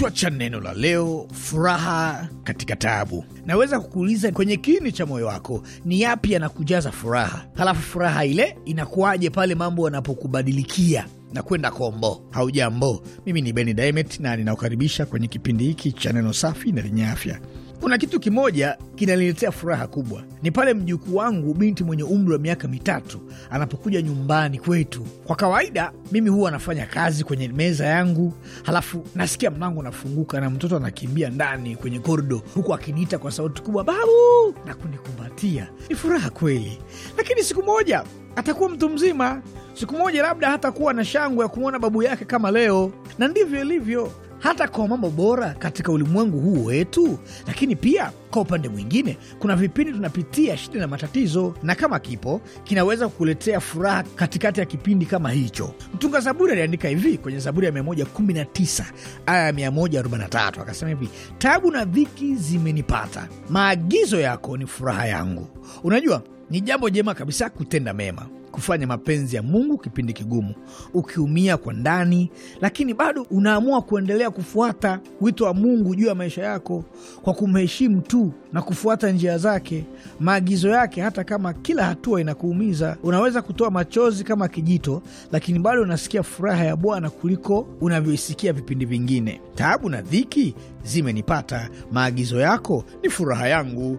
Kichwa cha neno la leo: furaha katika taabu. Naweza kukuuliza kwenye kini cha moyo wako, ni yapi yanakujaza furaha? Halafu furaha ile inakuwaje pale mambo yanapokubadilikia na kwenda kombo? Haujambo, mimi ni Beni Dimet na ninakukaribisha kwenye kipindi hiki cha neno safi na lenye afya. Kuna kitu kimoja kinaniletea furaha kubwa, ni pale mjukuu wangu binti mwenye umri wa miaka mitatu anapokuja nyumbani kwetu. Kwa kawaida mimi huwa anafanya kazi kwenye meza yangu, halafu nasikia mlango unafunguka na mtoto anakimbia ndani kwenye korido, huku akiniita kwa sauti kubwa, babu, na kunikumbatia. Ni furaha kweli, lakini siku moja atakuwa mtu mzima. Siku moja labda hatakuwa na shangwe ya kumwona babu yake kama leo, na ndivyo ilivyo hata kwa mambo bora katika ulimwengu huu wetu, lakini pia kwa upande mwingine kuna vipindi tunapitia shida na matatizo, na kama kipo kinaweza kukuletea furaha katikati ya kipindi kama hicho. Mtunga Zaburi aliandika hivi kwenye Zaburi ya 119 aya ya 143, akasema hivi: tabu na dhiki zimenipata, maagizo yako ni furaha yangu. Unajua, ni jambo jema kabisa kutenda mema kufanya mapenzi ya Mungu kipindi kigumu, ukiumia kwa ndani, lakini bado unaamua kuendelea kufuata wito wa Mungu juu ya maisha yako kwa kumheshimu tu na kufuata njia zake, maagizo yake, hata kama kila hatua inakuumiza. Unaweza kutoa machozi kama kijito, lakini bado unasikia furaha ya Bwana kuliko unavyoisikia vipindi vingine. Taabu na dhiki zimenipata, maagizo yako ni furaha yangu